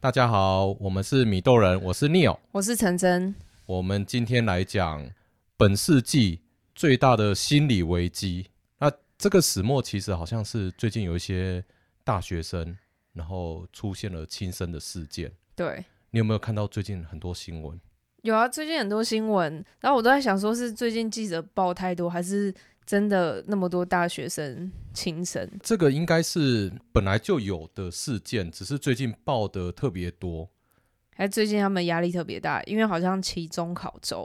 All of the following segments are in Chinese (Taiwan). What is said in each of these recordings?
大家好，我們是米豆人，我是 Neo，我是陳蓁。我們今天來講本世紀最大的心理危機。那這個始末其實好像是最近有一些大學生，然後出現了輕生的事件。對，你有沒有看到最近很多新聞？有啊，最近很多新聞，然後我都在想，說是最近記者報太多，還是？真的那麼多大學生輕生？這個應該是本來就有的事件，只是最近報得特別多。還最近他們壓力特別大，因為好像期中考週。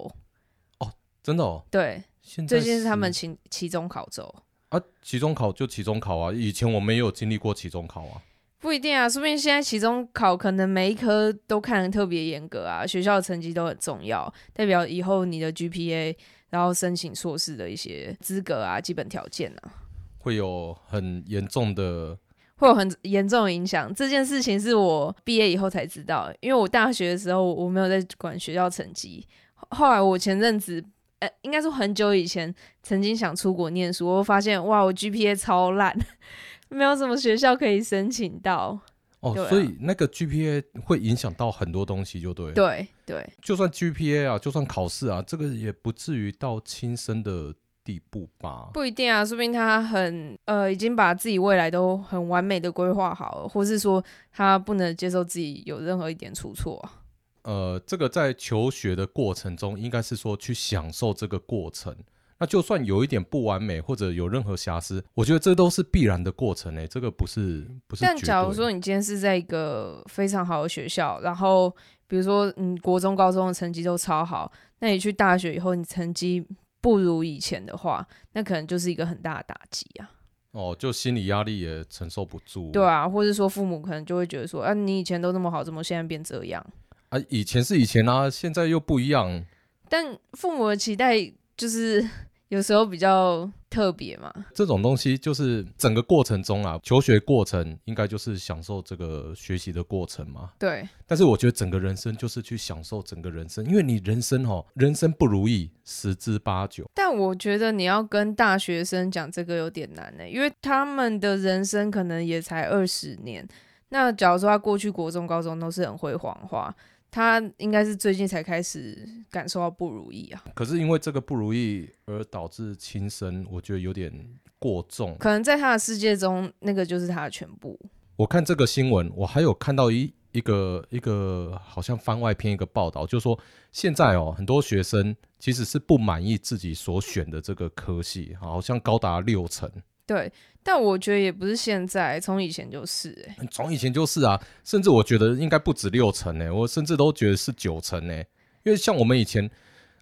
哦，真的哦。對，最近是他們期期中考週。啊，期中考就期中考啊，以前我們也有經歷過期中考啊。不一定啊，說不定現在期中考可能每一科都看得特別嚴格啊，學校的成績都很重要，代表以後你的 GPA。然後申請碩士的一些資格啊，基本條件啊，會有很嚴重的，會有很嚴重的影響。這件事情是我畢業以後才知道，因為我大學的時候我沒有在管學校成績。後來我前陣子，呃，應該是很久以前曾經想出國念書，我發現哇，我 GPA 超爛，沒有什麼學校可以申請到。哦，啊、所以那個 GPA 會影響到很多東西，就對。對對，對，就算 GPA 啊，就算考試啊，這個也不至於到輕生的地步吧？不一定啊，說不定他很呃，已經把自己未來都很完美的規劃好了，或是說他不能接受自己有任何一點出錯。呃，這個在求學的過程中，應該是說去享受這個過程。那就算有一點不完美，或者有任何瑕疵，我覺得這都是必然的過程誒這個不是不是。但假如說你今天是在一個非常好的學校，然後比如說你國中高中的成績都超好，那你去大學以後你成績不如以前的話，那可能就是一個很大的打擊啊。哦，就心理壓力也承受不住。對啊，或者說父母可能就會覺得說，啊，你以前都那麼好，怎麼現在變這樣？啊，以前是以前啊，現在又不一樣。但父母的期待。就是有時候比較特別嘛，這種東西就是整個過程中啊，求學過程應該就是享受這個學習的過程嘛。對，但是我覺得整個人生就是去享受整個人生，因為你人生哦、喔，人生不如意十之八九。但我覺得你要跟大學生講這個有點難呢、欸，因為他們的人生可能也才二十年。那假如說他過去國中、高中都是很輝煌的話。他應該是最近才開始感受到不如意啊，可是因為這個不如意而導致輕生，我覺得有點過重。可能在他的世界中，那個就是他的全部。我看這個新聞，我還有看到一一個一個好像番外篇一個報道，就是說現在哦、喔，很多學生其實是不滿意自己所選的這個科系，好像高達六成。對。但我覺得也不是現在，從以前就是欸，從以前就是啊，甚至我覺得應該不止六成哎、欸，我甚至都覺得是九成哎、欸，因為像我們以前，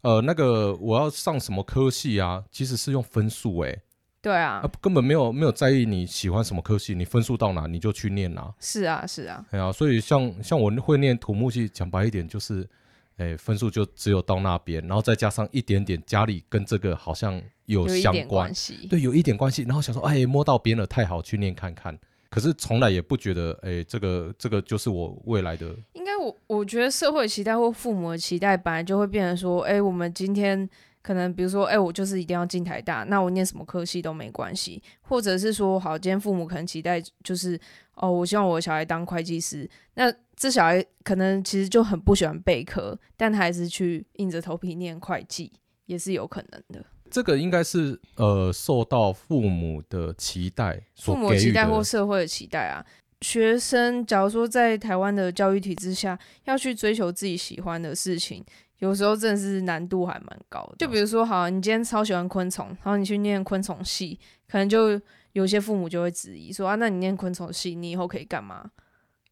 呃，那個我要上什麼科系啊，其實是用分數誒、欸。對啊，啊，根本沒有沒有在意你喜歡什麼科系，你分數到哪你就去念哪，是啊是啊，是啊對啊。所以像像我會念土木系，講白一點就是。欸，分數就只有到那邊，然後再加上一點點，家裡跟這個好像有相關，對，有一點關係。然後想說，欸，摸到邊了，太好，去念看看。可是從來也不覺得，欸，這個這個就是我未來的。應該我我覺得社會期待或父母的期待，本來就會變成說，欸，我們今天。可能比如說，哎、欸，我就是一定要進台大，那我念什麼科系都沒關係。或者是說，好，今天父母可能期待就是，哦，我希望我的小孩當會計師，那這小孩可能其實就很不喜歡背科，但他還是去硬着頭皮念會計，也是有可能的。這個應該是呃，受到父母的期待的，父母期待或社會的期待啊。學生假如說在台灣的教育體制下，要去追求自己喜歡的事情。有時候真的是難度還蠻高的，就比如說，好，你今天超喜歡昆蟲，然後你去念昆蟲系，可能就有些父母就會質疑說，啊，那你念昆蟲系，你以後可以幹嘛？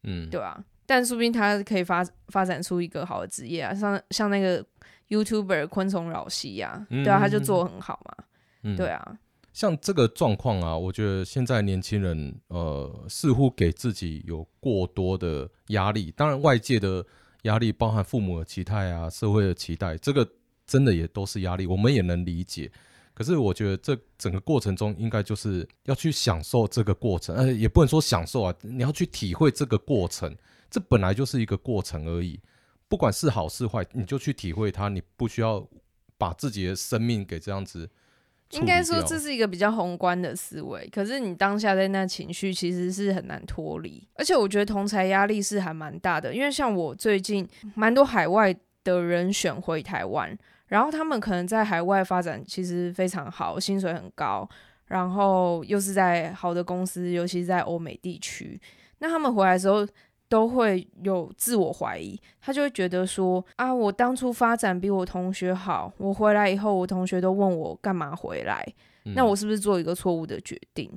嗯，對啊，但說不定他可以發發展出一個好的職業啊，像像那個 YouTuber 昆蟲擾西呀，嗯、對啊，他就做得很好嘛，嗯、對啊。像這個狀況啊，我覺得現在年輕人呃，似乎給自己有過多的壓力，當然外界的，壓力包含父母的期待啊，社會的期待，這個真的也都是壓力，我們也能理解。可是我覺得這整個過程中，應該就是要去享受這個過程，呃、哎，也不能說享受啊，你要去體會這個過程。這本來就是一個過程而已，不管是好是壞，你就去體會它，你不需要把自己的生命給這樣子。應該說這是一個比較宏觀的思維，可是你當下在那情緒其實是很難脫離，而且我覺得同儕壓力是還蠻大的，因為像我最近蠻多海外的人選回台灣，然後他們可能在海外發展其實非常好，薪水很高，然後又是在好的公司，尤其是在歐美地區，那他們回來的時候，都會有自我懷疑，他就會覺得說啊，我當初發展比我同學好，我回來以後，我同學都問我幹嘛回來，嗯、那我是不是做一個錯誤的決定？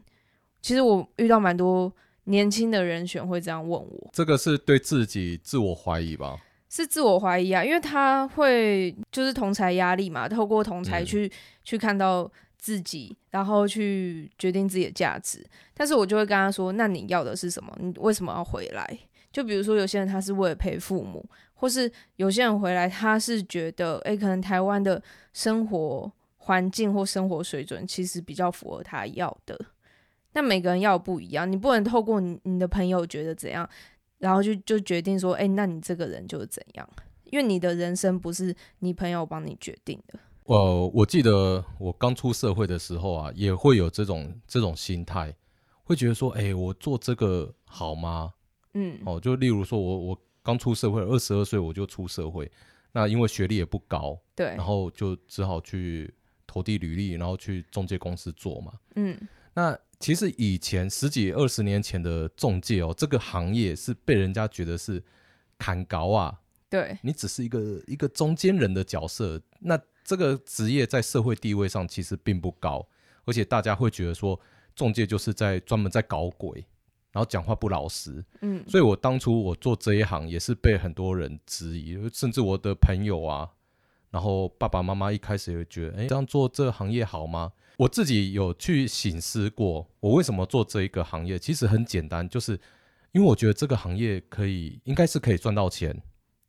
其實我遇到蠻多年輕的人選會這樣問我，這個是對自己自我懷疑吧？是自我懷疑啊，因為他會就是同儕壓力嘛，透過同儕去、嗯、去看到自己，然後去決定自己的價值。但是我就會跟他說，那你要的是什麼？你為什麼要回來？就比如說，有些人他是為了陪父母，或是有些人回來，他是覺得，哎、欸，可能台灣的生活環境或生活水準其實比較符合他要的。那每個人要不一樣，你不能透過你你的朋友覺得怎樣，然後就就決定說，哎、欸，那你這個人就是怎樣，因為你的人生不是你朋友幫你決定的。呃、哦，我記得我剛出社會的時候啊，也會有這種這種心態，會覺得說，哎、欸，我做這個好嗎？嗯，哦，就例如說我，我我剛出社會，二十二歲我就出社會，那因為學歷也不高，對，然後就只好去投遞履歷，然後去仲介公司做嘛。嗯，那其實以前十幾二十年前的仲介哦，這個行業是被人家覺得是砍高啊，對，你只是一個一個中間人的角色，那這個職業在社會地位上其實並不高，而且大家會覺得說，仲介就是在專門在搞鬼。然後講話不老實，嗯，所以我當初我做這一行也是被很多人質疑，甚至我的朋友啊，然後爸爸媽媽一開始也覺得，哎、欸，這樣做這個行業好嗎？我自己有去省思過，我為什麼做這一個行業？其實很簡單，就是因為我覺得這個行業可以，應該是可以賺到錢，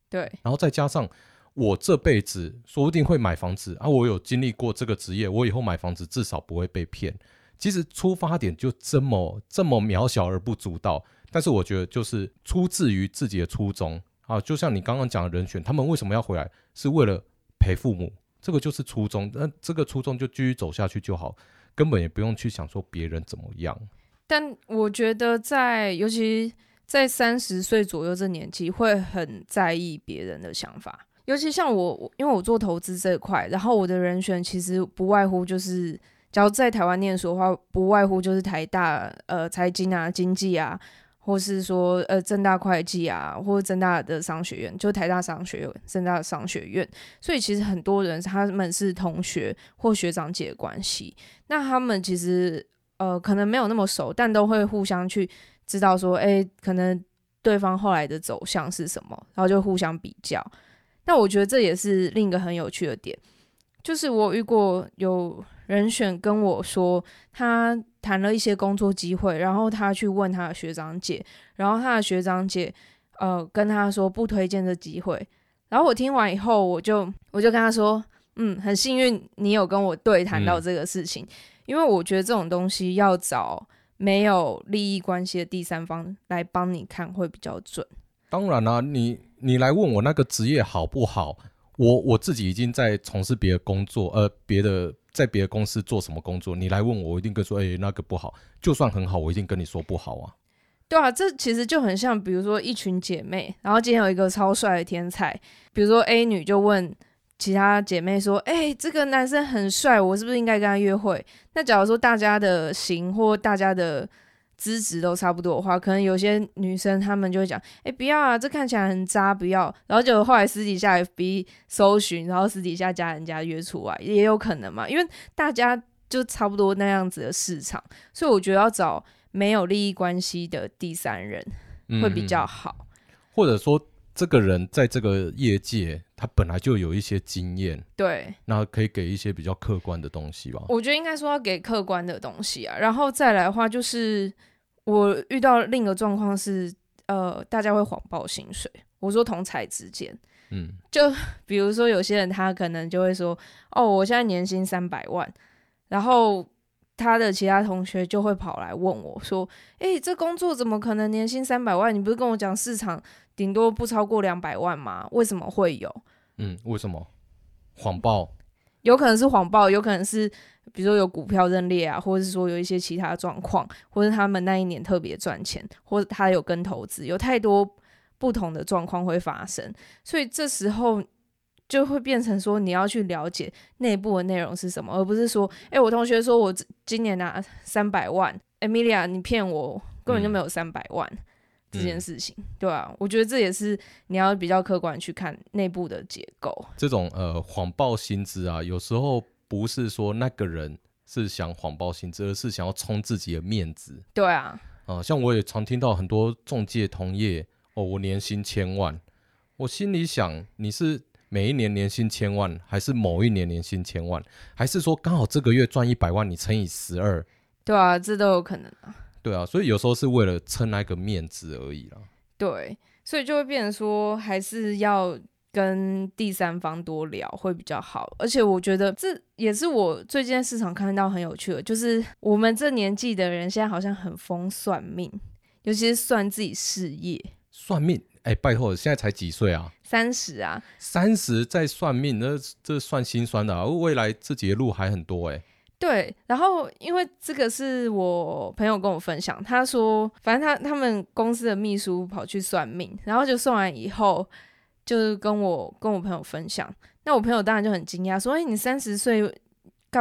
對。然後再加上我這輩子說不定會買房子啊，我有經歷過這個職業，我以後買房子至少不會被騙。其實出發點就這麼這麼渺小而不足道，但是我覺得就是出自於自己的初衷啊，就像你剛剛講的人選，他們為什麼要回來，是為了陪父母，這個就是初衷。那這個初衷就繼續走下去就好，根本也不用去想說別人怎麼樣。但我覺得在尤其在三十歲左右這年紀，會很在意別人的想法。尤其像我，因為我做投資這塊，然後我的人選其實不外乎就是。只要在台灣念書的話，不外乎就是台大呃財經啊、經濟啊，或是說呃政大會計啊，或政大的商學院，就台大商學院、政大商學院。所以其實很多人他們是同學或學長姐的關係，那他們其實呃可能沒有那麼熟，但都會互相去知道說，哎、欸，可能對方後來的走向是什麼，然後就互相比較。但我覺得這也是另一個很有趣的點，就是我遇過有。人選跟我說，他談了一些工作機會，然後他去問他的學長姐，然後他的學長姐呃跟他說不推薦的機會，然後我聽完以後，我就我就跟他說，嗯，很幸運你有跟我對談到這個事情，嗯、因為我覺得這種東西要找沒有利益關係的第三方來幫你看會比較準。當然啦、啊，你你來問我那個職業好不好，我我自己已經在從事別的工作，呃，別的。在別的公司做什麼工作，你來問我，我一定跟你說，哎，那個不好。就算很好，我一定跟你說不好啊。對啊，這其實就很像，比如說一群姐妹，然後今天有一個超帥的天才，比如說 A 女就問其他姐妹說，哎，這個男生很帥，我是不是應該跟他約會？那假如說大家的行或大家的。資質都差不多的話，可能有些女生她們就會講：“哎、欸，不要啊，這看起來很渣，不要。”然後就後來私底下 FB 搜尋，然後私底下加人家約出來，也有可能嘛。因為大家就差不多那樣子的市場，所以我覺得要找沒有利益關係的第三人會比較好，嗯、或者說。這個人在這個業界，他本來就有一些經驗，對，那可以給一些比較客觀的東西吧？我覺得應該說要給客觀的東西啊。然後再來的話，就是我遇到另一個狀況是，呃，大家會謊報薪水。我說同儕之間，嗯，就比如說有些人他可能就會說，哦，我現在年薪三百萬，然後。他的其他同學就會跑來問我說：“誒、欸，這工作怎麼可能年薪三百萬？你不是跟我講市場頂多不超過兩百萬嗎？為什麼會有？嗯，為什麼？謊報？有可能是謊報，有可能是，比如說有股票認列啊，或者是說有一些其他狀況，或者他們那一年特別賺錢，或者他有跟投資，有太多不同的狀況會發生。所以這時候。”就會變成說，你要去了解內部的內容是什麼，而不是說，哎、欸，我同學說我今年拿三百萬，Emilia 你騙我，根本就沒有三百萬、嗯、這件事情，嗯、對啊，我覺得這也是你要比較客觀去看內部的結構。這種呃謊報薪資啊，有時候不是說那個人是想謊報薪資，而是想要充自己的面子。對啊，啊、呃，像我也常聽到很多中介同業哦，我年薪千萬，我心裡想你是，每一年年薪千萬，還是某一年年薪千萬，還是說剛好這個月賺一百萬，你乘以十二？對啊，這都有可能啊。對啊，所以有時候是為了撐那個面子而已啦。對，所以就會變成說，還是要跟第三方多聊會比較好。而且我覺得這也是我最近在市場看到很有趣的，就是我們這年紀的人現在好像很瘋算命，尤其是算自己事業。算命，哎、欸，拜託，現在才幾歲啊？三十啊，三十再算命，那這算心酸的啊，未來自己的路還很多哎、欸。對，然後因為這個是我朋友跟我分享，他說，反正他他們公司的秘書跑去算命，然後就算完以後，就是跟我跟我朋友分享，那我朋友當然就很驚訝，說，哎、欸，你三十歲。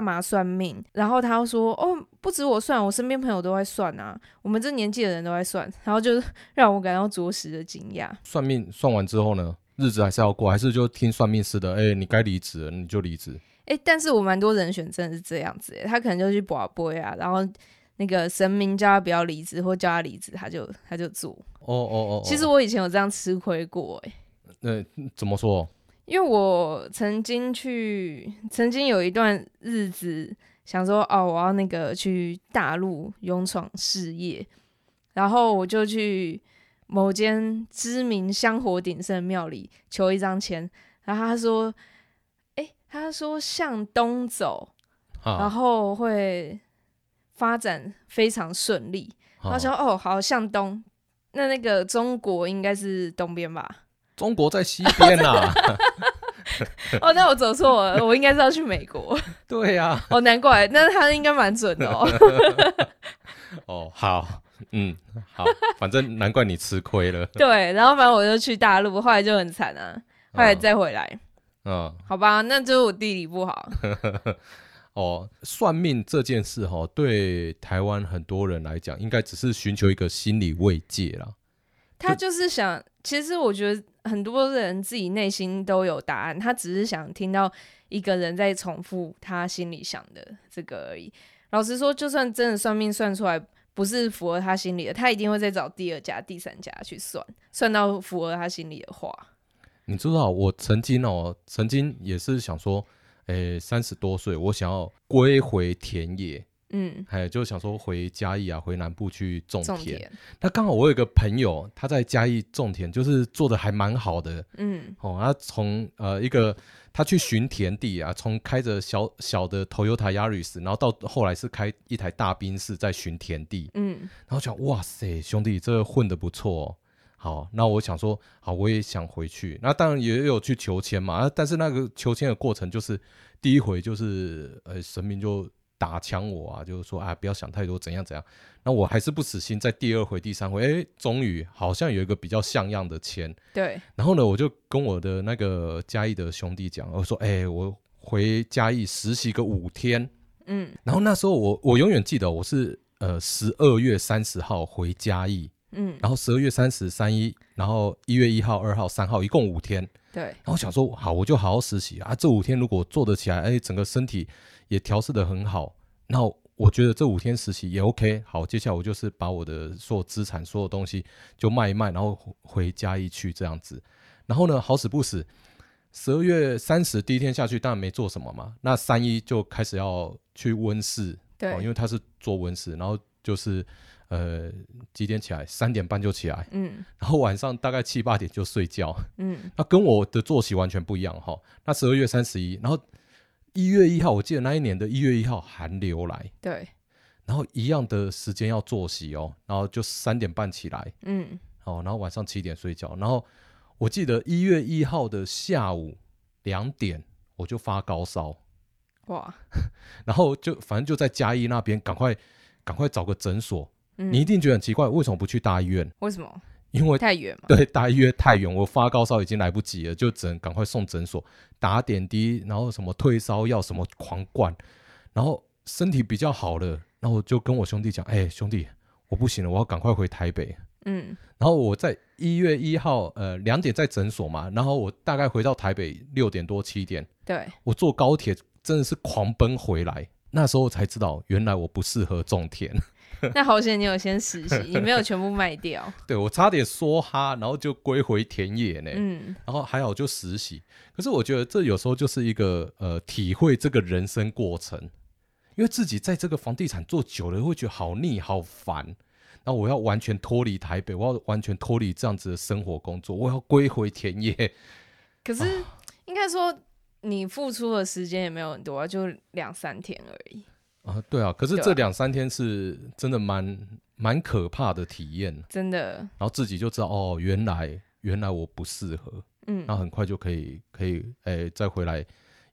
幹嘛算命？然後他說：“哦，不止我算，我身邊朋友都在算啊，我們這年紀的人都在算。”然後就是讓我感到着實的驚訝。算命算完之後呢，日子還是要過，還是就聽算命師的。哎、欸，你該離職了，你就離職。哎、欸，但是我蠻多人選真的是這樣子、欸，他可能就去拔杯啊，然後那個神明叫他不要離職，或叫他離職，他就他就做。哦哦哦！其實我以前有這樣吃虧過、欸，哎、欸，那怎麼說？因為我曾經去，曾經有一段日子想說，哦，我要那個去大陸勇闖事業，然後我就去某間知名香火鼎盛的廟裡求一張籤，然後他說，哎、欸，他說向東走，然後會發展非常順利。他、啊、說，哦，好，向東，那那個中國應該是東邊吧。中國在西邊啊， 哦，那我走錯了，我應該是要去美國。 對呀、啊，哦，難怪，那他應該蠻準的哦。 哦，好，嗯，好，反正難怪你吃虧了。 對，然後反正我就去大陸，後來就很慘啊，後來再回來。嗯，嗯好吧，那就是我地理不好。 哦，算命這件事哈、哦，對台灣很多人來講，應該只是尋求一個心理慰藉啦。就他就是想。其實我覺得很多人自己內心都有答案，他只是想聽到一個人在重複他心裡想的這個而已。老實說，就算真的算命算出來不是符合他心裡的，他一定會再找第二家、第三家去算，算到符合他心裡的話。你知道，我曾經哦，曾經也是想說，誒，三十多歲，我想要歸回田野。嗯，還有就想說回嘉義啊，回南部去種田。田那剛好我有一個朋友，他在嘉義種田，就是做的還蠻好的。嗯，哦，他從呃一個他去巡田地啊，從開着小小的 Toyota Yaris，然後到後來是開一台大賓士，在巡田地。嗯，然後講哇塞，兄弟，這個、混的不錯、哦。好，那我想說，好，我也想回去。那當然也有去求籤嘛、啊，但是那個求籤的過程就是第一回就是呃、欸、神明就。打槍我啊，就是說啊，不要想太多，怎樣怎樣。那我還是不死心，在第二回、第三回，哎，終於好像有一個比較像樣的籤。對。然後呢，我就跟我的那個嘉義的兄弟講，我說：“哎，我回嘉義實習個五天。”嗯。然後那時候我我永遠記得，我是呃十二月三十號回嘉義，嗯。然後十二月三十三一，然後一月一號、二號、三號，一共五天。對。然後我想說，好，我就好好實習啊。這五天如果做得起來，哎，整個身體。也調試的很好，那我覺得這五天實習也 OK。好，接下來我就是把我的所有資產、所有東西就賣一賣，然後回家一去這樣子。然後呢，好死不死，十二月三十第一天下去，當然沒做什麼嘛。那三一就開始要去溫室，對、哦，因為他是做溫室，然後就是呃幾點起來，三點半就起來，嗯，然後晚上大概七八點就睡覺，嗯，那跟我的作息完全不一樣哈、哦。那十二月三十一，然後一月一號，我記得那一年的一月一號寒流來，對，然後一樣的時間要作息哦、喔，然後就三點半起來，嗯，哦，然後晚上七點睡覺，然後我記得一月一號的下午兩點我就發高燒，哇， 然後就反正就在嘉義那邊，趕快趕快找個診所，嗯，你一定覺得很奇怪，為什麼不去大醫院？為什麼？因為太遠，對大約太遠，我發高燒已經來不及了，啊、就只能趕快送診所打點滴，然後什麼退燒藥什麼狂灌，然後身體比較好了，然後我就跟我兄弟講，哎、欸、兄弟，我不行了，我要趕快回台北。嗯，然後我在一月一號，呃，兩點在診所嘛，然後我大概回到台北六點多七點，對，我坐高鐵真的是狂奔回來，那時候才知道原來我不適合種田。 那好險，你有先實習， 你沒有全部賣掉。對，我差點說哈，然後就歸回田野呢。嗯，然後還好就實習。可是我覺得這有時候就是一個呃，體會這個人生過程，因為自己在這個房地產做久了，會覺得好膩好煩。然後我要完全脫離台北，我要完全脫離這樣子的生活工作，我要歸回田野。可是應該說，你付出的時間也沒有很多， 就兩三天而已。啊，對啊，可是這兩三天是真的蠻、啊、蠻可怕的體驗，真的。然後自己就知道，哦，原來原來我不適合，嗯。然後很快就可以可以，哎，再回來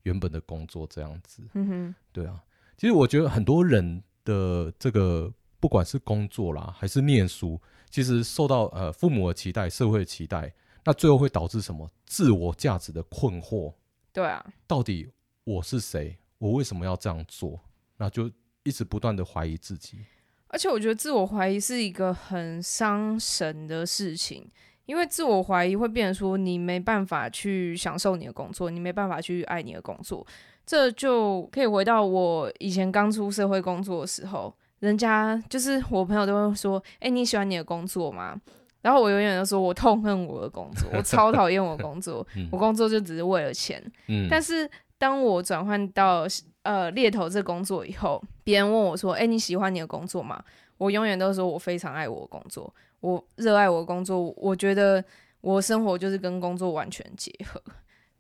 原本的工作這樣子，嗯哼。對啊，其實我覺得很多人的這個，不管是工作啦，還是念書，其實受到呃父母的期待、社會的期待，那最後會導致什麼？自我價值的困惑。對啊。到底我是誰？我為什麼要這樣做？然後就一直不斷的懷疑自己，而且我覺得自我懷疑是一個很傷神的事情，因為自我懷疑會變成說你沒辦法去享受你的工作，你沒辦法去愛你的工作。這就可以回到我以前剛出社會工作的時候，人家就是我朋友都會說，誒、欸，你喜歡你的工作嗎？然後我永遠都說我痛恨我的工作，我超討厭我的工作， 我工作就只是為了錢，嗯、但是。當我轉換到呃獵頭這工作以後，別人問我說：“哎、欸，你喜歡你的工作嗎？”我永遠都說我非常愛我的工作，我熱愛我的工作。我覺得我生活就是跟工作完全結合。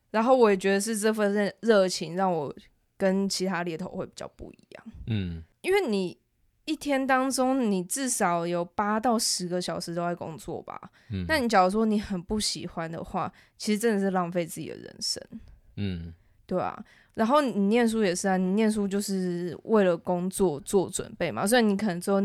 然後我也覺得是這份熱熱情讓我跟其他獵頭會比較不一樣。嗯，因為你一天當中你至少有八到十個小時都在工作吧？嗯，但你假如說你很不喜歡的話，其實真的是浪費自己的人生。嗯。對啊，然後你念書也是啊，你念書就是為了工作做準備嘛。所以你可能說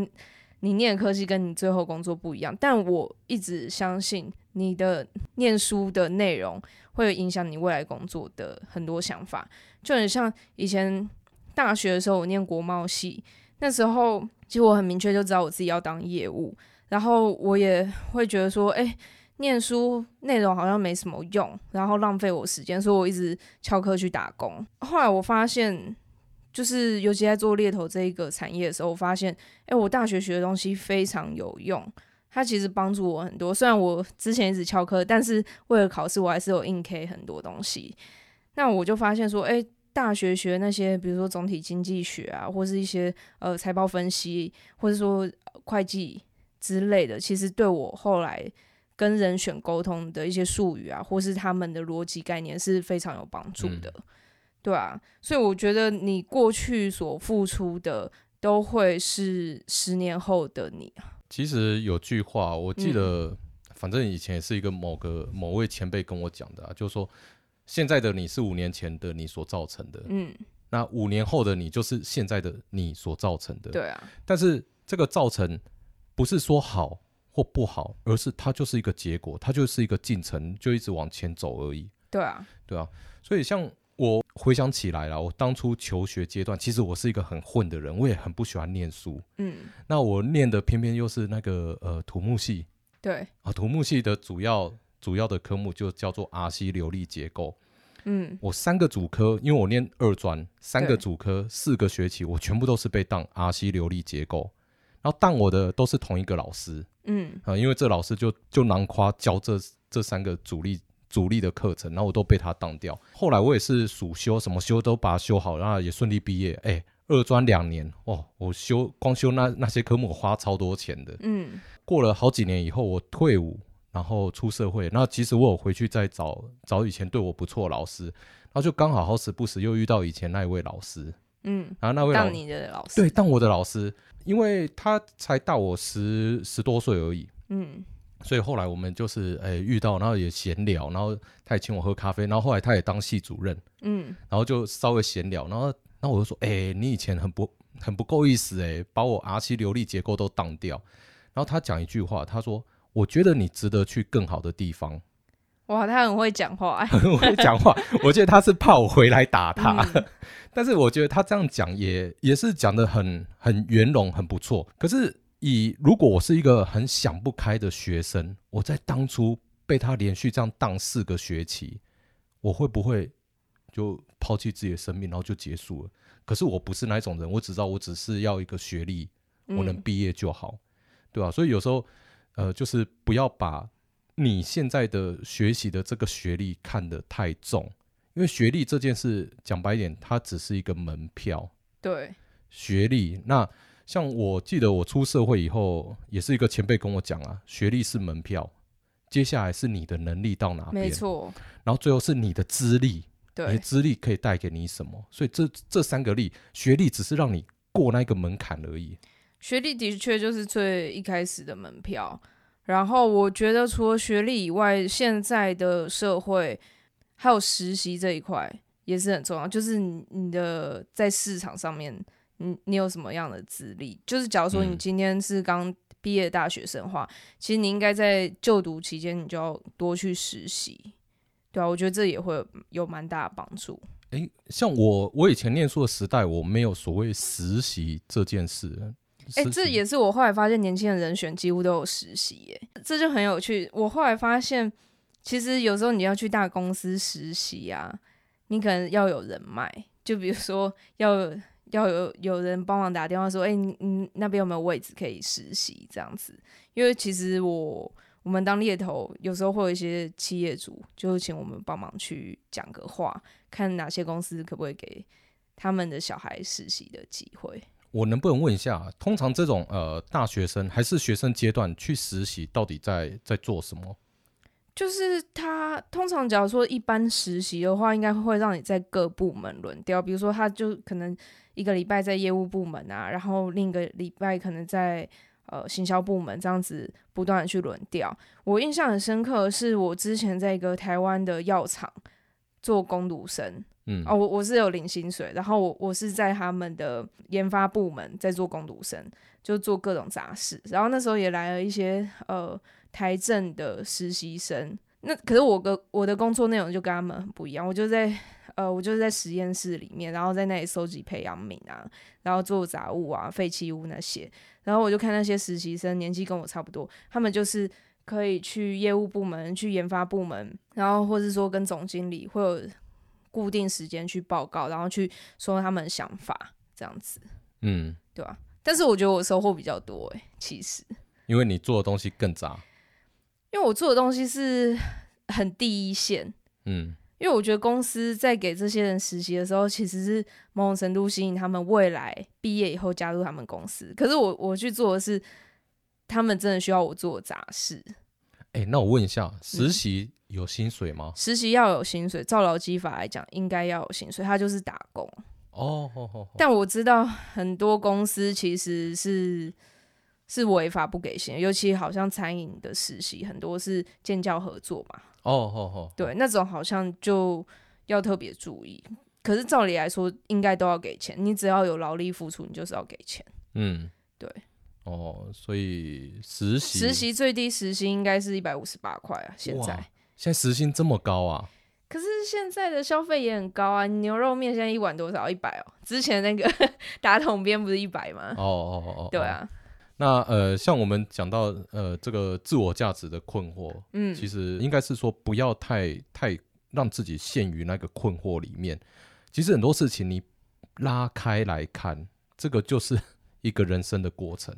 你念的科技跟你最後工作不一樣，但我一直相信你的念書的內容會影響你未來工作的很多想法。就很像以前大學的時候，我念國貿系，那時候其實我很明確就知道我自己要當業務，然後我也會覺得說，哎。念書內容好像沒什麼用，然後浪費我時間，所以我一直翹課去打工。後來我發現，就是尤其在做獵頭這一個產業的時候，我發現，欸，我大學學的東西非常有用，它其實幫助我很多。雖然我之前一直翹課，但是為了考試，我還是有硬 K 很多東西。那我就發現說，欸，大學學那些，比如說總體經濟學啊，或是一些呃財報分析，或者說會計之類的，其實對我後來。跟人選溝通的一些術語啊，或是他們的邏輯概念是非常有幫助的，嗯，對啊，所以我覺得你過去所付出的，都會是十年後的你。其實有句話，我記得，嗯，反正以前也是一個某個某位前輩跟我講的啊，就是說現在的你是五年前的你所造成的，嗯，那五年後的你就是現在的你所造成的，對啊。但是這個造成不是說好，或不好，而是它就是一個結果，它就是一個進程，就一直往前走而已。對啊，對啊。所以像我回想起來啦，我當初求學階段，其實我是一個很混的人，我也很不喜歡念書。嗯。那我念的偏偏又是那個呃土木系。對。啊，土木系的主要主要的科目就叫做 RC 流力結構。嗯。我三個主科，因為我念二專，三個主科，對四個學期，我全部都是被當 RC 流力結構。然後，當我的都是同一個老師，嗯、啊，因為這老師就就囊括教這這三個主力主力的課程，然後我都被他當掉。後來我也是暑修什麼修都把它修好，然後也順利畢業。哎，二專兩年哦，我修光修那那些科目我花超多錢的，嗯，過了好幾年以後，我退伍，然後出社會，那其實我有回去再找找以前對我不錯的老師，然後就剛好好死不死又遇到以前那一位老師。嗯，然後、啊、那位當你的老師，對，當我的老師，因為他才大我十十多歲而已，嗯，所以後來我們就是誒、欸、遇到，然後也閒聊，然後他也請我喝咖啡，然後後來他也當系主任，嗯，然後就稍微閒聊，然後那我就說，哎、欸，你以前很不很不夠意思、欸，哎，把我 RC 流力結構都當掉，然後他講一句話，他說，我覺得你值得去更好的地方。哇，他很會講話， 很會講話。 我覺得他是怕我回來打他，嗯、但是我覺得他這樣講也也是講得很很圓融，很不錯。可是以如果我是一個很想不開的學生，我在當初被他連續這樣當四個學期，我會不會就拋棄自己的生命，然後就結束了？可是我不是那種人，我只知道我只是要一個學歷，我能畢業就好，嗯、對吧、啊？所以有時候呃，就是不要把。你現在的學習的這個學歷看得太重，因為學歷這件事講白一點，它只是一個門票。對，學歷那像我記得我出社會以後，也是一個前輩跟我講啊，學歷是門票，接下來是你的能力到哪邊，沒錯，然後最後是你的資歷，對，你的資歷可以帶給你什麼？所以這這三個力，學歷只是讓你過那個門檻而已。學歷的確就是最一開始的門票。然後我覺得，除了學歷以外，現在的社會還有實習這一塊也是很重要。就是你你的在市場上面你，你你有什麼樣的資歷？就是假如說你今天是剛畢業大學生的話，嗯，其實你應該在就讀期間，你就要多去實習。對啊，我覺得這也會有，有蠻大的幫助。誒，像我我以前念書的時代，我沒有所謂實習這件事。哎，這也是我後來發現，年輕人人選幾乎都有實習，哎，這就很有趣。我後來發現，其實有時候你要去大公司實習啊，你可能要有人脈，就比如說要要有有人幫忙打電話說，哎，你你那邊有沒有位置可以實習這樣子？因為其實我我們當獵頭，有時候會有一些企業主就請我們幫忙去講個話，看哪些公司可不可以給他們的小孩實習的機會。我能不能問一下，通常這種呃大學生還是學生階段去實習，到底在在做什麼？就是他通常，假如說一般實習的話，應該會讓你在各部門輪調，比如說他就可能一個禮拜在業務部門啊，然後另一個禮拜可能在呃行銷部門這樣子不斷的去輪調。我印象很深刻，是我之前在一個台灣的藥廠做工讀生。嗯，哦，我我是有領薪水，然後我我是在他們的研發部門在做工讀生，就做各種雜事。然後那時候也來了一些呃台政的實習生，那可是我的我的工作內容就跟他們很不一樣。我就在呃我就是在實驗室裡面，然後在那裡收集培養皿啊，然後做雜物啊、廢棄物那些。然後我就看那些實習生年紀跟我差不多，他們就是可以去業務部門、去研發部門，然後或者說跟總經理會有固定時間去報告，然後去說他們的想法，這樣子，嗯，對吧？但是我覺得我收穫比較多誒、欸。其實，因為你做的東西更雜，因為我做的東西是很第一線，嗯，因為我覺得公司在給這些人實習的時候，其實是某種程度吸引他們未來畢業以後加入他們公司。可是我我去做的是，他們真的需要我做雜事。哎、欸，那我問一下，實習有薪水嗎？實習、嗯、要有薪水，照勞基法來講，應該要有薪水。他就是打工哦，oh, oh, oh, oh. 但我知道很多公司其實是是違法不給薪，尤其好像餐飲的實習很多是建教合作嘛，哦哦，對，那種好像就要特別注意。可是照理來說，應該都要給錢。你只要有勞力付出，你就是要給錢。嗯，對。哦，所以實習實習最低時薪應該是一百五十八塊啊！現在現在時薪這麼高啊？可是現在的消費也很高啊！牛肉麵現在一碗多少？一百哦。之前那個呵呵打桶邊不是一百嗎？哦哦哦，哦哦哦哦，對啊。那呃，像我們講到呃，這個自我價值的困惑，嗯，其實應該是說不要太太讓自己陷於那個困惑裡面。其實很多事情你拉開來看，這個就是一個人生的過程。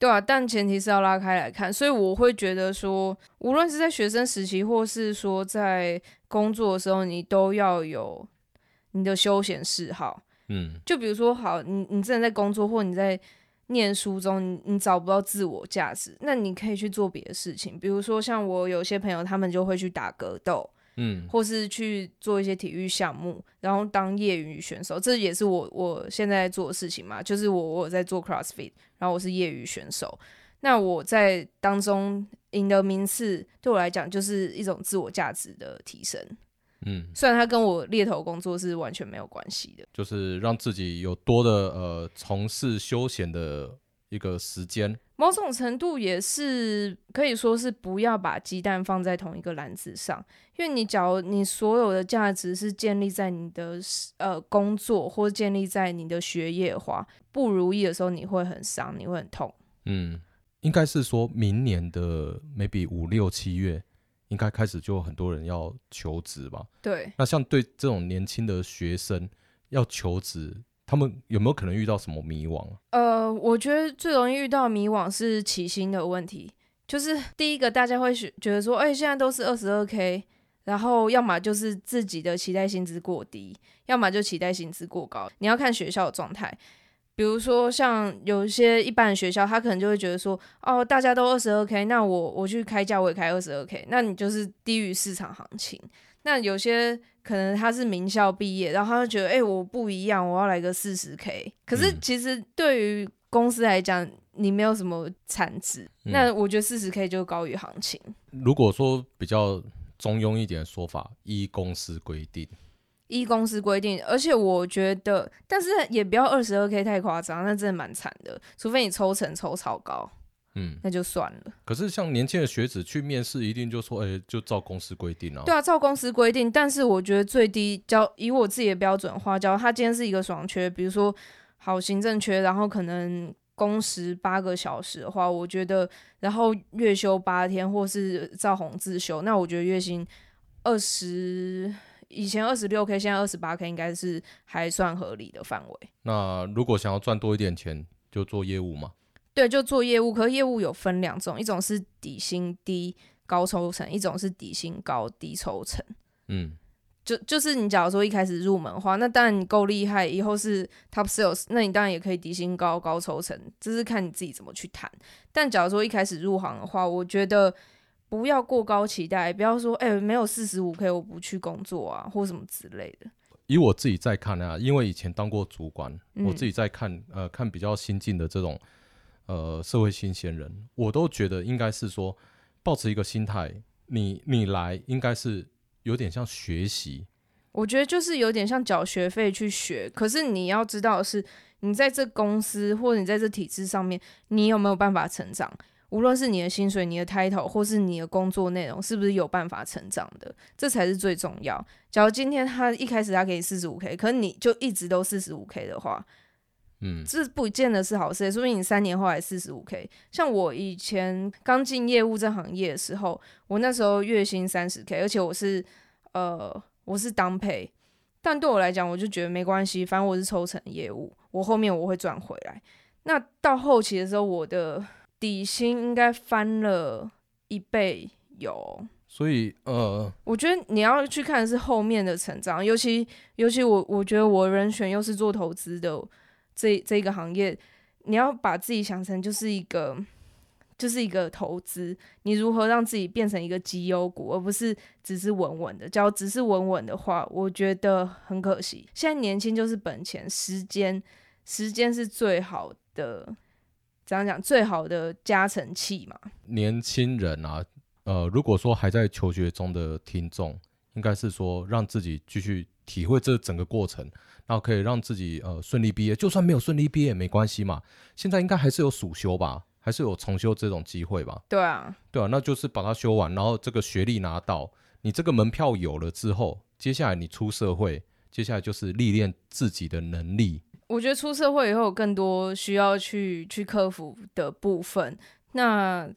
對啊，但前提是要拉開來看，所以我會覺得說，無論是在學生時期，或是說在工作的時候，你都要有你的休閒嗜好。嗯，就比如說，好，你你真的在工作，或你在念書中你，你你找不到自我價值，那你可以去做別的事情，比如說像我有些朋友，他們就會去打格鬥。嗯，或是去做一些體育項目，然後當業餘選手，這也是我我現在做的事情嘛，就是我我有在做 CrossFit，然後我是業餘選手，那我在當中贏得名次，means, 對我來講就是一種自我價值的提升。嗯，雖然它跟我獵頭工作是完全沒有關係的，就是讓自己有多的呃從事休閒的。一個時間，某種程度也是可以說是不要把雞蛋放在同一個籃子上，因為你假如你所有的價值是建立在你的呃工作，或建立在你的學業的話，不如意的時候你會很傷，你會很痛。嗯，應該是說明年的 maybe 五六七月應該開始就很多人要求職吧？對，那像對這種年輕的學生要求職。他們有沒有可能遇到什麼迷惘啊？呃，我覺得最容易遇到迷惘是起薪的問題，就是第一個大家會覺覺得說，哎、欸，現在都是二十二 k，然後要麼就是自己的期待薪資過低，要麼就期待薪資過高。你要看學校的狀態，比如說像有一些一般的學校，他可能就會覺得說，哦，大家都二十二 k，那我我去開價我也開二十二 k，那你就是低於市場行情。那有些可能他是名校畢業，然後他就覺得，哎、欸，我不一樣，我要來個四十 K。可是其實對於公司來講，你沒有什麼產值，嗯、那我覺得四十 K 就高於行情。如果說比較中庸一點的說法，依公司規定，依公司規定，而且我覺得，但是也不要二十二 K 太誇張，那真的蠻慘的，除非你抽成抽超高。嗯，那就算了。可是像年輕的學子去面試，一定就說，哎、欸，就照公司規定啊。對啊，照公司規定。但是我覺得最低交，以我自己的標準的話交，他今天是一個爽缺，比如說好行政缺，然後可能工時八個小時的話，我覺得，然後月休八天，或是照紅自休，那我覺得月薪二十以前二十六 K，現在二十八 K，應該是還算合理的範圍。那如果想要賺多一點錢，就做業務嘛。對，就做業務，可是業務有分兩種，一種是底薪低高抽成，一種是底薪高低抽成。嗯，就就是你假如說一開始入門的話，那當然你夠厲害，以後是 Top Sales，那你當然也可以底薪高高抽成，就是看你自己怎麼去談。但假如說一開始入行的話，我覺得不要過高期待，不要說哎、欸、沒有四十五 K 我不去工作啊，或什麼之類的。以我自己在看啊，因為以前當過主管，我自己在看，嗯、呃，看比較新進的這種。呃，社會新鮮人，我都覺得應該是說，保持一個心態，你你來應該是有點像學習。我覺得就是有點像繳學費去學，可是你要知道的是，你在這公司或者你在這體制上面，你有沒有辦法成長？無論是你的薪水、你的 title，或是你的工作內容，是不是有辦法成長的？這才是最重要。假如今天他一開始他給你四十五 k，可是你就一直都四十五 k 的話。嗯，這不見得是好事，欸，說不定你三年後來四十五 k。像我以前剛進業務這行業的時候，我那時候月薪三十 k，而且我是呃，我是當配，但對我來講，我就覺得沒關係，反正我是抽成業務，我後面我會賺回來。那到後期的時候，我的底薪應該翻了一倍有。所以呃，我覺得你要去看的是後面的成長，尤其尤其我我覺得我人選又是做投資的。這這一個行業，你要把自己想成就是一個，就是一個投資。你如何讓自己變成一個績優股，而不是只是穩穩的？只要只是穩穩的話，我覺得很可惜。現在年輕就是本錢，時間，時間是最好的，怎樣講？最好的加成器嘛。年輕人啊，呃，如果說還在求學中的聽眾，應該是說讓自己繼續。體會這整個過程，然後可以讓自己呃順利畢業。就算沒有順利畢業也沒關係嘛，現在應該還是有暑修吧，還是有重修這種機會吧。對啊，對啊，那就是把它修完，然後這個學歷拿到，你這個門票有了之後，接下來你出社會，接下來就是歷練自己的能力。我覺得出社會以後有更多需要去去克服的部分，那。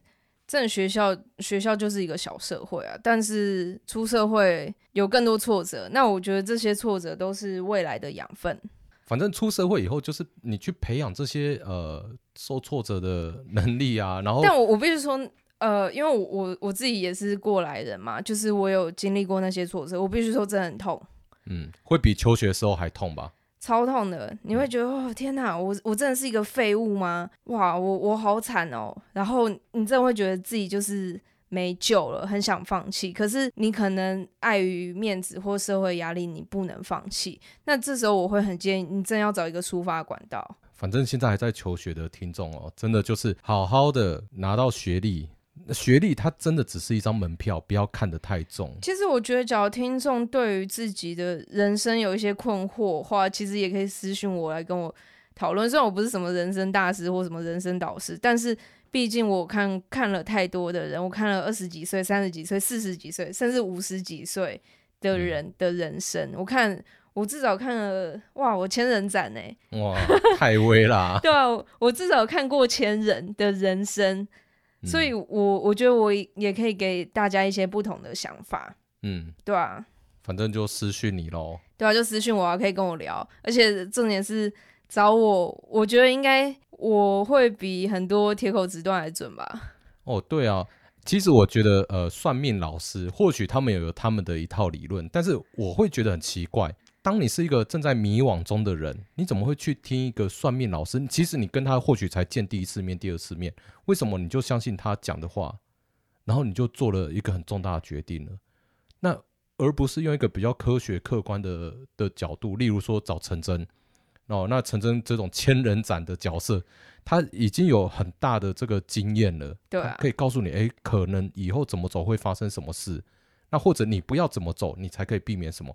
真的學校，學校就是一個小社會啊！但是出社會有更多挫折，那我覺得這些挫折都是未來的養分。反正出社會以後，就是你去培養這些呃受挫折的能力啊。然後，但我我必須說，呃，因為我我自己也是過來人嘛，就是我有經歷過那些挫折，我必須說真的很痛。嗯，會比求學時候還痛吧？超痛的，你會覺得、嗯、哦，天哪，我我真的是一個廢物嗎？哇，我我好慘哦、喔！然後你真的會覺得自己就是沒救了，很想放棄。可是你可能礙於面子或社會壓力，你不能放棄。那這時候我會很建議你，真的要找一個抒發管道。反正現在還在求學的聽眾哦、喔，真的就是好好的拿到學歷。學歷它真的只是一張門票，不要看得太重。其實我覺得，只要聽眾對於自己的人生有一些困惑的話，其實也可以私訊我來跟我討論。雖然我不是什麼人生大師或什麼人生導師，但是畢竟我看看了太多的人，我看了二十幾歲、三十幾歲、四十幾歲，甚至五十幾歲的人、嗯、的人生。我看我至少看了，哇，我千人斬呢、欸！哇，太威啦！ 對啊，我至少看過千人的人生。所以我，我我覺得我也可以給大家一些不同的想法，嗯，對啊，反正就私訊你嘍，對啊，就私訊我，可以跟我聊。而且重點是找我，我覺得應該我會比很多鐵口直斷還準吧？哦，對啊，其實我覺得，呃，算命老師或許他們有他們的一套理論，但是我會覺得很奇怪。當你是一個正在迷惘中的人，你怎麼會去聽一個算命老師？其實你跟他或許才見第一次面、第二次面，為什麼你就相信他講的話，然後你就做了一個很重大的決定了？那而不是用一個比較科學、客觀的的角度，例如說找陳蓁哦，那陳蓁這種千人斬的角色，他已經有很大的這個經驗了，對啊，可以告訴你，哎，可能以後怎麼走會發生什麼事，那或者你不要怎麼走，你才可以避免什麼。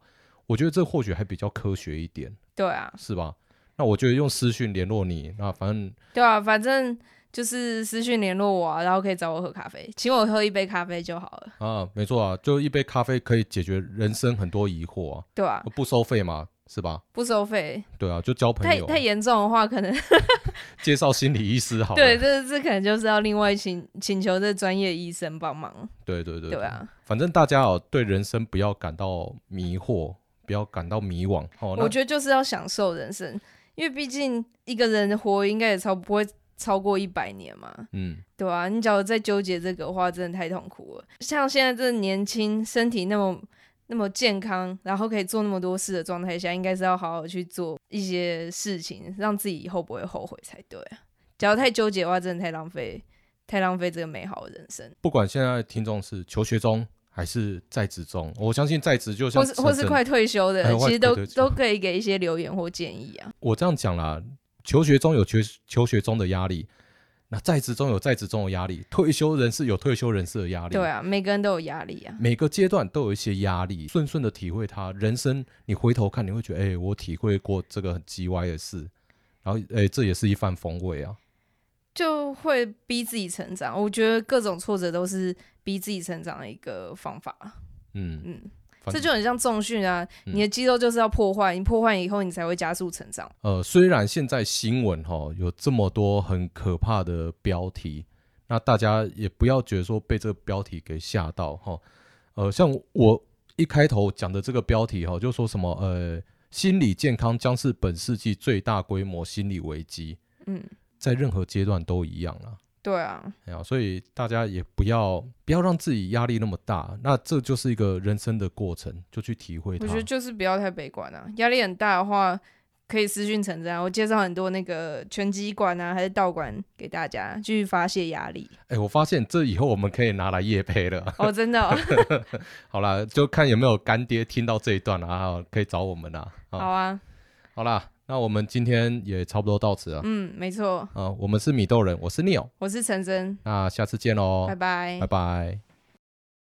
我覺得這或許還比較科學一點，對啊，是吧？那我覺得用私訊聯絡你，那反正對啊，反正就是私訊聯絡我啊，然後可以找我喝咖啡，請我喝一杯咖啡就好了啊，沒錯啊，就一杯咖啡可以解決人生很多疑惑啊，對啊，不收費嘛，是吧？不收費，對啊，就交朋友。太太嚴重的話，可能 介紹心理醫師好。 對，這這可能就是要另外請請求這專業醫生幫忙。對對對，對啊，反正大家哦，對人生不要感到迷惑。不要感到迷惘。哦、我覺得就是要享受人生，因為畢竟一個人活應該也超不會超過一百年嘛。嗯，對啊，你假如在糾結這個話，真的太痛苦了。像現在這年輕，身體那麼那麼健康，然後可以做那麼多事的狀態下，應該是要好好去做一些事情，讓自己以後不會後悔才對啊。假如太糾結的話，真的太浪費，太浪費這個美好的人生。不管現在的聽眾是求學中，還是在職中，我相信在職就像，或是或是快退休的，其實都對對對，都可以給一些留言或建議啊。我這樣講啦，求學中有求求學中的壓力，那在職中有在職中的壓力，退休人士有退休人士的壓力，對啊，每個人都有壓力啊，每個階段都有一些壓力，順順的體會他人生，你回頭看你會覺得，哎、欸，我體會過這個很嘰歪的事，然後哎、欸，這也是一番風味啊。就會逼自己成長，我覺得各種挫折，都是逼自己成長的一個方法。嗯嗯，嗯反這就很像重訓啊，嗯、你的肌肉就是要破壞，你破壞以後，你才會加速成長。呃，雖然現在新聞哈、哦、有這麼多很可怕的標題，那大家也不要覺得說被這個標題給嚇到哈。呃，像我一開頭講的這個標題哈、哦，就說什麼呃心理健康將是本世紀最大規模心理危機。嗯。在任何階段都一樣啊，對啊，所以大家也不要不要讓自己壓力那麼大，那這就是一個人生的過程，就去體會。我覺得就是不要太悲觀啊，壓力很大的話，可以私訊成陳蓁，我介紹很多那個拳擊館啊，還是道館給大家去發洩壓力。哎、欸，我發現這以後我們可以拿來業配了。我、哦、真的、哦， 好了，就看有沒有乾爹聽到這一段啊，可以找我們啊。啊好啊，好啦。那我們今天也差不多到此了。嗯，沒錯。啊，我們是米豆人，我是 Neo，我是陳蓁。那下次見嘍，拜拜，拜拜。